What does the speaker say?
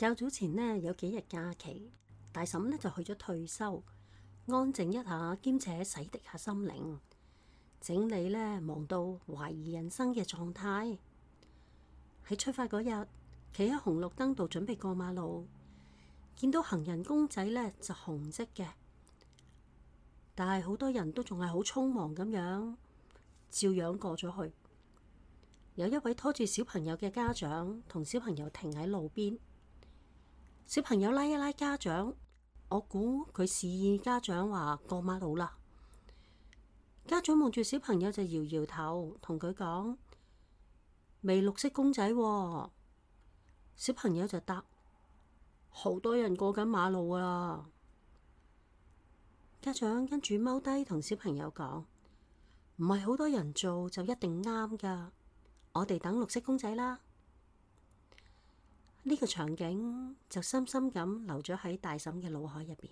較早前呢，有幾日假期，大嬸呢就去咗退休，安靜一下，兼且洗滌下心靈。整理呢忙到懷疑人生嘅狀態。喺出發嗰日，企喺紅綠燈度準備過馬路，見到行人公仔呢就紅色嘅，但係好多人都仲係好匆忙咁樣，照樣過咗去。有一位拖住小朋友嘅家長，同小朋友停喺路邊。小朋友拉一拉家長，我估佢示意家長話過馬路啦。家長望住小朋友就搖搖頭，同佢講：未綠色公仔啊。小朋友就答：好多人過緊馬路啦啊。家長跟住踎低同小朋友講：唔係好多人做就一定啱㗎，我哋等綠色公仔啦。呢個場景就深深咁留咗喺大嬸嘅腦海入邊。